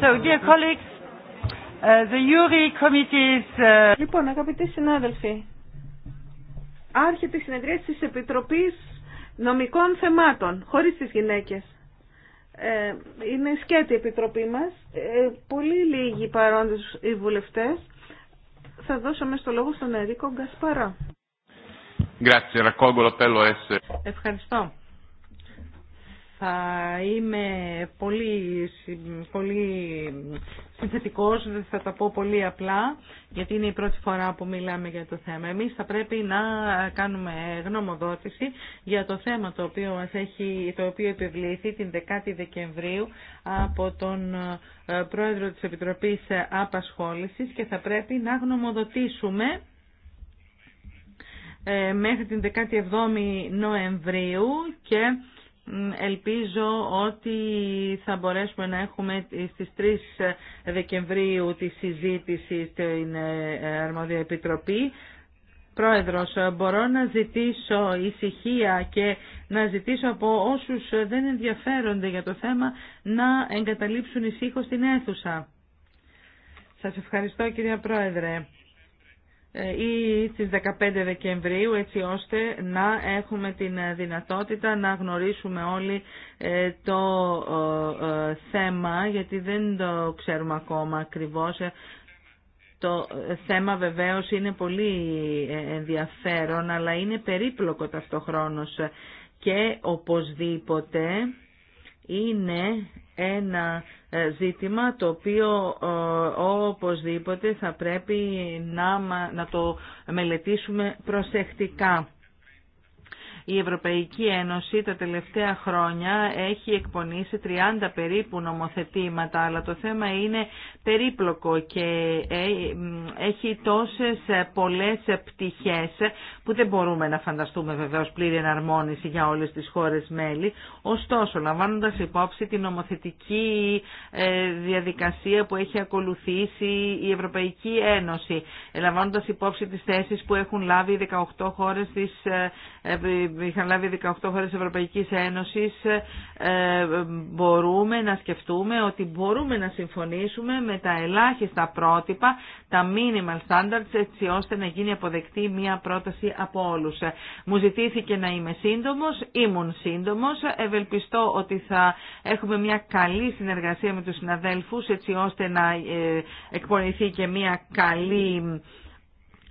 So, dear colleagues, uh, the uh, Λοιπόν, αγαπητοί συνάδελφοι, άρχεται η συνεδρία της Επιτροπής Νομικών Θεμάτων, χωρίς τις γυναίκες. Ε, είναι σκέτη η Επιτροπή μας, ε, πολύ λίγοι παρόντες οι βουλευτές. Θα δώσω μέσα το λόγο στον Ερίκο Γκασπαρά. Ευχαριστώ θα είμαι πολύ, πολύ συνθετικός, δεν θα τα πω πολύ απλά, γιατί είναι η πρώτη φορά που μιλάμε για το θέμα. Εμείς θα πρέπει να κάνουμε γνωμοδότηση για το θέμα το οποίο, μας έχει, το οποίο επιβλήθη την 10η Δεκεμβρίου από τον ε, Πρόεδρο της Επιτροπής Απασχόλησης και θα πρέπει να γνωμοδοτήσουμε ε, μέχρι την 17η Νοεμβρίου και Ελπίζω ότι θα μπορέσουμε να έχουμε στις 3 Δεκεμβρίου τη συζήτηση στην ε, Αρμόδια Επιτροπή. Πρόεδρος, μπορώ να ζητήσω ησυχία και να ζητήσω από όσους δεν ενδιαφέρονται για το θέμα να εγκαταλείψουν ησύχως την αίθουσα. Σας ευχαριστώ κυρία Πρόεδρε. Ε, ή στις 15 Δεκεμβρίου έτσι ώστε να έχουμε την ε, δυνατότητα να γνωρίσουμε όλοι ε, το θέμα γιατί δεν το ξέρουμε ακόμα ακριβώς. Το θέμα βεβαίως είναι πολύ ενδιαφέρον αλλά είναι περίπλοκο ταυτοχρόνως και οπωσδήποτε είναι ένα ε, ζήτημα το οποίο ε, οπωσδήποτε θα πρέπει να, να το μελετήσουμε προσεκτικά. Η Ευρωπαϊκή Ένωση τα τελευταία χρόνια έχει εκπονήσει 30 περίπου νομοθετήματα, αλλά το θέμα είναι περίπλοκο και ε, έχει τόσες ε, πολλές πτυχές που δεν μπορούμε να φανταστούμε βεβαίως πλήρη εναρμόνιση για όλες τις χώρες μέλη. Ωστόσο, λαμβάνοντας υπόψη την νομοθετική ε, διαδικασία που έχει ακολουθήσει η Ευρωπαϊκή Ένωση, λαμβάνοντας υπόψη τις θέσεις που έχουν λάβει 18 χώρες της είχαν λάβει 18 χώρες Ευρωπαϊκής Ένωσης ε, μπορούμε να σκεφτούμε ότι μπορούμε να συμφωνήσουμε με τα ελάχιστα πρότυπα, τα minimal standards έτσι ώστε να γίνει αποδεκτή μια πρόταση από όλους. Μου ζητήθηκε να είμαι σύντομος, ήμουν σύντομος, ευελπιστώ ότι θα έχουμε μια καλή συνεργασία με τους συναδέλφους έτσι ώστε να ε, εκπονηθεί και μια καλή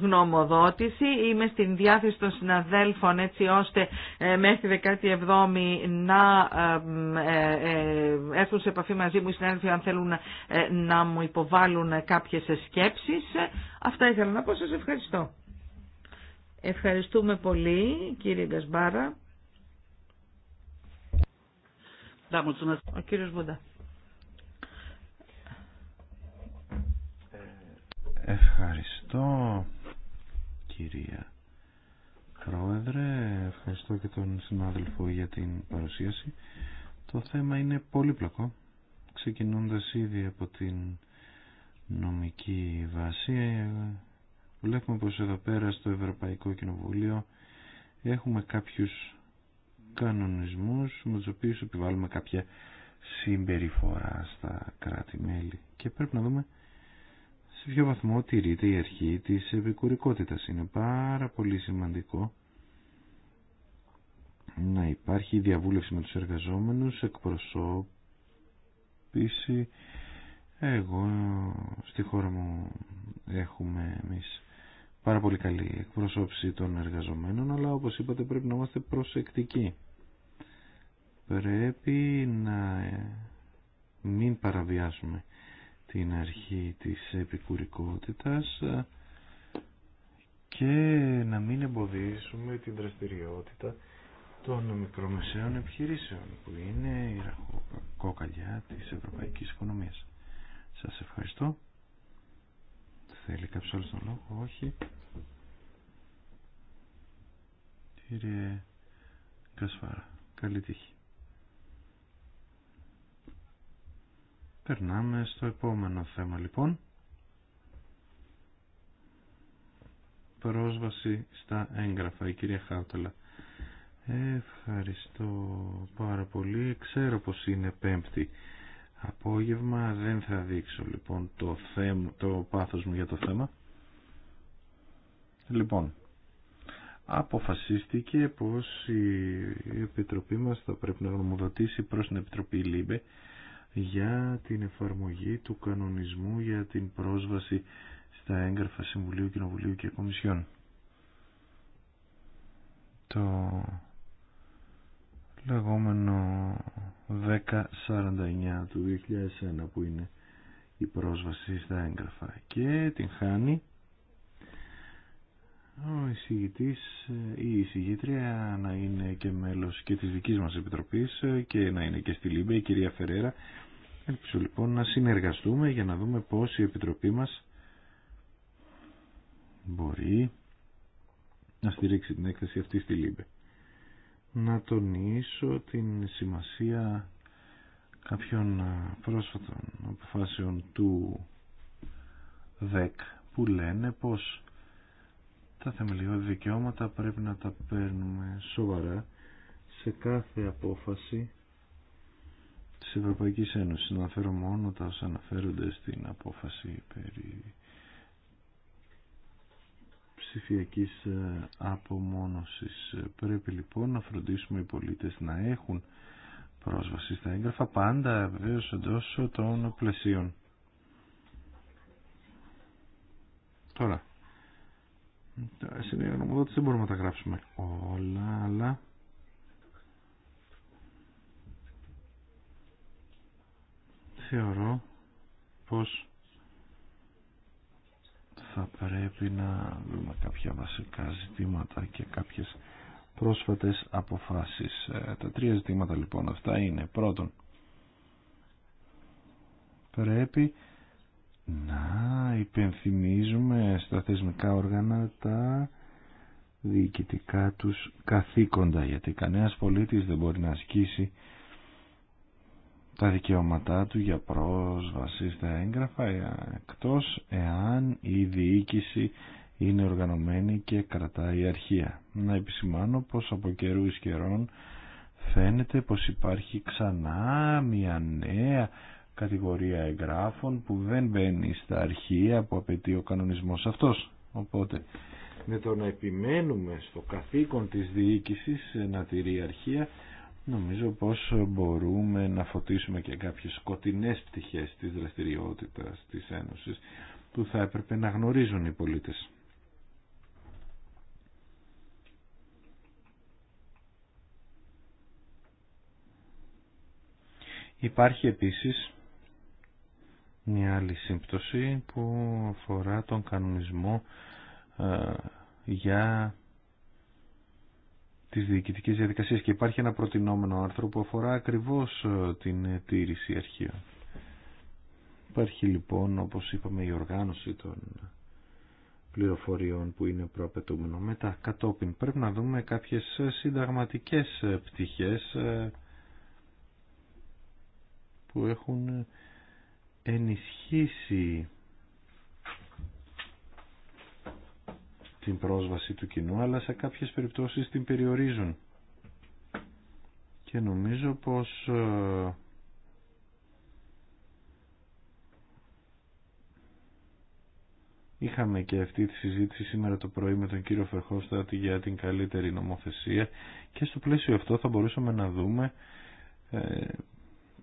γνωμοδότηση. Είμαι στην διάθεση των συναδέλφων έτσι ώστε ε, μέχρι τη 17η να ε, ε, έρθουν σε επαφή μαζί μου οι συνάδελφοι αν θέλουν να μου υποβάλουν κάποιες σκέψεις. Αυτά ήθελα να πω. Σας ευχαριστώ. Ευχαριστούμε πολύ κύριε Γκασμπάρα. Ο κύριος Ευχαριστώ κυρία Πρόεδρε. Ευχαριστώ και τον συνάδελφο για την παρουσίαση. Το θέμα είναι πολύπλοκο, ξεκινώντας ήδη από την νομική βάση. Βλέπουμε πως εδώ πέρα στο Ευρωπαϊκό Κοινοβούλιο έχουμε κάποιους κανονισμούς με τους οποίους επιβάλλουμε κάποια συμπεριφορά στα κράτη-μέλη και πρέπει να δούμε σε ποιο βαθμό τηρείται η αρχή της επικουρικότητας. Είναι πάρα πολύ σημαντικό να υπάρχει διαβούλευση με τους εργαζόμενους, εκπροσώπηση. Εγώ στη χώρα μου έχουμε εμείς πάρα πολύ καλή εκπροσώπηση των εργαζομένων, αλλά όπως είπατε πρέπει να είμαστε προσεκτικοί. Πρέπει να μην παραβιάσουμε την αρχή της επικουρικότητας και να μην εμποδίσουμε την δραστηριότητα των μικρομεσαίων επιχειρήσεων που είναι η ραχοκοκαλιά της ευρωπαϊκής οικονομίας. Σας ευχαριστώ. Θέλει κάποιος λόγο, όχι. Κύριε Κασφάρα, καλή τύχη. Περνάμε στο επόμενο θέμα λοιπόν. Πρόσβαση στα έγγραφα, η κυρία Χάουταλα. Ευχαριστώ πάρα πολύ. Ξέρω πως είναι πέμπτη απόγευμα. Δεν θα δείξω λοιπόν το, θέμα, το πάθος μου για το θέμα. Λοιπόν, αποφασίστηκε πως η Επιτροπή μας θα πρέπει να γνωμοδοτήσει προς την Επιτροπή ΛΥΜΠΕ για την εφαρμογή του κανονισμού για την πρόσβαση στα έγγραφα Συμβουλίου, Κοινοβουλίου και Κομισιών. Το λεγόμενο 1049 του 2001 που είναι η πρόσβαση στα έγγραφα και την χάνει ο εισηγητής ή η εισηγήτρια να είναι και μέλος και της δικής μας επιτροπής και να είναι και στη Λίμπε η κυρία Φερέρα. Ελπίζω λοιπόν να συνεργαστούμε για να δούμε πώς η επιτροπή μας μπορεί να στηρίξει την έκθεση αυτή στη Λίμπε. Να τονίσω την σημασία κάποιων πρόσφατων αποφάσεων του ΔΕΚ που λένε πως τα θεμελιώδη δικαιώματα πρέπει να τα παίρνουμε σοβαρά σε κάθε απόφαση της Ευρωπαϊκής Ένωσης. Να αναφέρω μόνο τα όσα αναφέρονται στην απόφαση περί ψηφιακής ε, απομόνωσης. Πρέπει λοιπόν να φροντίσουμε οι πολίτες να έχουν πρόσβαση στα έγγραφα πάντα βεβαίω εντό των πλαισίων. Τώρα, τα δεν μπορούμε να τα γράψουμε όλα, αλλά... Θεωρώ πως θα πρέπει να δούμε κάποια βασικά ζητήματα και κάποιες πρόσφατες αποφάσεις. Ε, τα τρία ζητήματα λοιπόν αυτά είναι πρώτον πρέπει να υπενθυμίζουμε στα θεσμικά όργανα τα διοικητικά τους καθήκοντα γιατί κανένας πολίτης δεν μπορεί να ασκήσει τα δικαιώματά του για πρόσβαση στα έγγραφα ε, εκτός εάν η διοίκηση είναι οργανωμένη και κρατάει αρχεία. Να επισημάνω πως από καιρού καιρών φαίνεται πως υπάρχει ξανά μια νέα κατηγορία εγγράφων που δεν μπαίνει στα αρχεία που απαιτεί ο κανονισμός αυτός. Οπότε με το να επιμένουμε στο καθήκον της διοίκησης να τηρεί αρχεία νομίζω πως μπορούμε να φωτίσουμε και κάποιες σκοτεινές πτυχές της δραστηριότητας της Ένωσης που θα έπρεπε να γνωρίζουν οι πολίτες. Υπάρχει επίσης μια άλλη σύμπτωση που αφορά τον κανονισμό ε, για τις διοικητικές διαδικασίες και υπάρχει ένα προτινόμενο άρθρο που αφορά ακριβώς ε, την τήρηση αρχείων. Υπάρχει λοιπόν, όπως είπαμε, η οργάνωση των πληροφοριών που είναι προαπαιτούμενο. Μετά, κατόπιν, πρέπει να δούμε κάποιες συνταγματικές πτυχές ε, που έχουν ενισχύσει την πρόσβαση του κοινού, αλλά σε κάποιες περιπτώσεις την περιορίζουν. Και νομίζω πως ε, Είχαμε και αυτή τη συζήτηση σήμερα το πρωί με τον κύριο Φερχώστα για την καλύτερη νομοθεσία και στο πλαίσιο αυτό θα μπορούσαμε να δούμε ε,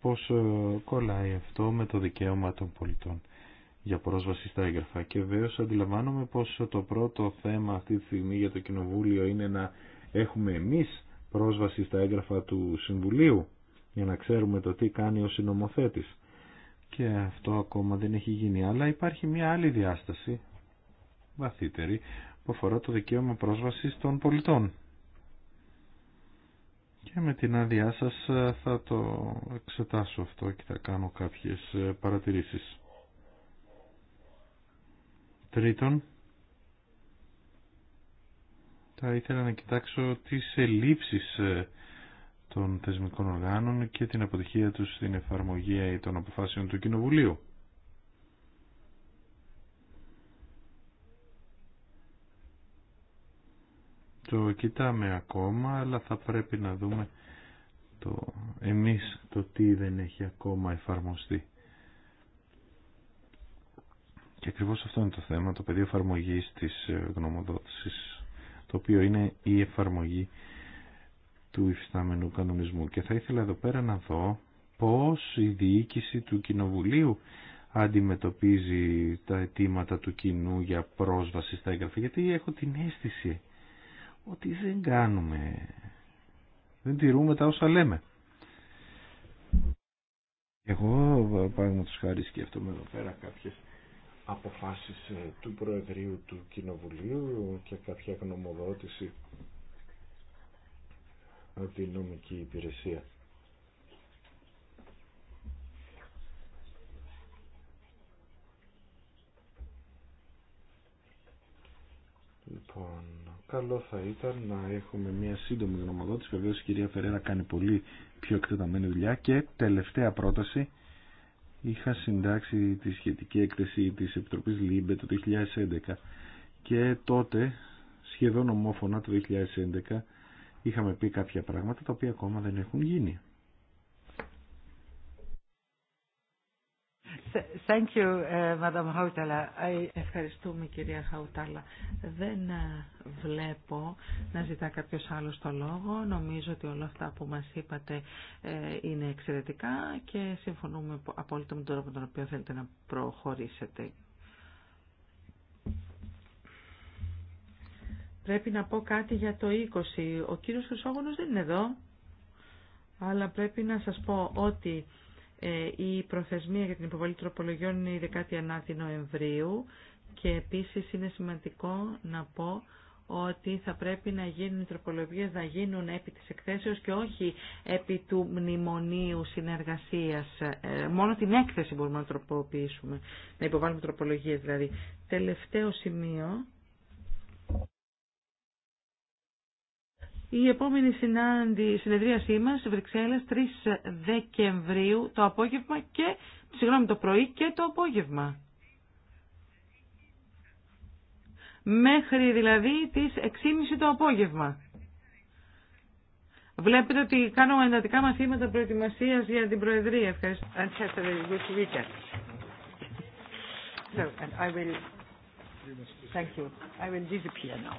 πώς ε, κολλάει αυτό με το δικαίωμα των πολιτών για πρόσβαση στα έγγραφα. Και βέβαια αντιλαμβάνομαι πως το πρώτο θέμα αυτή τη στιγμή για το Κοινοβούλιο είναι να έχουμε εμείς πρόσβαση στα έγγραφα του Συμβουλίου για να ξέρουμε το τι κάνει ο συνομοθέτης. Και αυτό ακόμα δεν έχει γίνει. Αλλά υπάρχει μια άλλη διάσταση, βαθύτερη, που αφορά το δικαίωμα πρόσβασης των πολιτών και με την άδειά σας ε, θα το εξετάσω αυτό και θα κάνω κάποιες ε, παρατηρήσεις. Τρίτον, θα ήθελα να κοιτάξω τις ελλείψεις ε, των θεσμικών οργάνων και την αποτυχία τους στην εφαρμογή των αποφάσεων του Κοινοβουλίου. Το κοιτάμε ακόμα, αλλά θα πρέπει να δούμε το, εμείς το τι δεν έχει ακόμα εφαρμοστεί. Και ακριβώς αυτό είναι το θέμα, το πεδίο εφαρμογή της ε, γνωμοδότησης, το οποίο είναι η εφαρμογή του υφιστάμενου κανονισμού. Και θα ήθελα εδώ πέρα να δω πώς η διοίκηση του Κοινοβουλίου αντιμετωπίζει τα αιτήματα του κοινού για πρόσβαση στα έγγραφα, γιατί έχω την αίσθηση ότι δεν κάνουμε, δεν τηρούμε τα όσα λέμε. Εγώ και χάρη σκέφτομαι εδώ πέρα κάποιες αποφάσεις ε, του Προεδρείου του Κοινοβουλίου και κάποια γνωμοδότηση από την νομική υπηρεσία. Λοιπόν, καλό θα ήταν να έχουμε μια σύντομη γνωμοδότηση. βεβαίω η κυρία Φερέρα κάνει πολύ πιο εκτεταμένη δουλειά και τελευταία πρόταση είχα συντάξει τη σχετική έκθεση της Επιτροπής ΛΥΜΠΕ το 2011 και τότε σχεδόν ομόφωνα το 2011 είχαμε πει κάποια πράγματα τα οποία ακόμα δεν έχουν γίνει. Thank you, uh, Madam Hautala. Ευχαριστούμε κυρία Χαουτάλα. Δεν ε, βλέπω να ζητά κάποιος άλλος το λόγο. Νομίζω ότι όλα αυτά που μας είπατε ε, είναι εξαιρετικά και συμφωνούμε απόλυτα με τον τρόπο τον οποίο θέλετε να προχωρήσετε. Πρέπει να πω κάτι για το 20. Ο κύριος Χρυσόγονος δεν είναι εδώ, αλλά πρέπει να σας πω ότι ε, η προθεσμία για την υποβολή τροπολογιών είναι η 19η Νοεμβρίου και επίσης είναι σημαντικό να πω ότι θα πρέπει να γίνουν οι τροπολογίες να γίνουν επί της εκθέσεως και όχι επί του μνημονίου συνεργασίας. Ε, μόνο την έκθεση μπορούμε να τροποποιήσουμε, να υποβάλουμε τροπολογίες δηλαδή. Τελευταίο σημείο Η επόμενη συνάντη, συνεδρίασή μας, Βρυξέλλες, 3 Δεκεμβρίου το απόγευμα και, συγγνώμη, το πρωί και το απόγευμα. Μέχρι δηλαδή τις 6.30 το απόγευμα. Βλέπετε ότι κάνουμε εντατικά μαθήματα προετοιμασίας για την Προεδρία. Ευχαριστώ. So, and I will... Thank you. I will disappear now.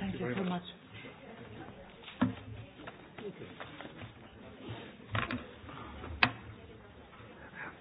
Thank you much. Okay.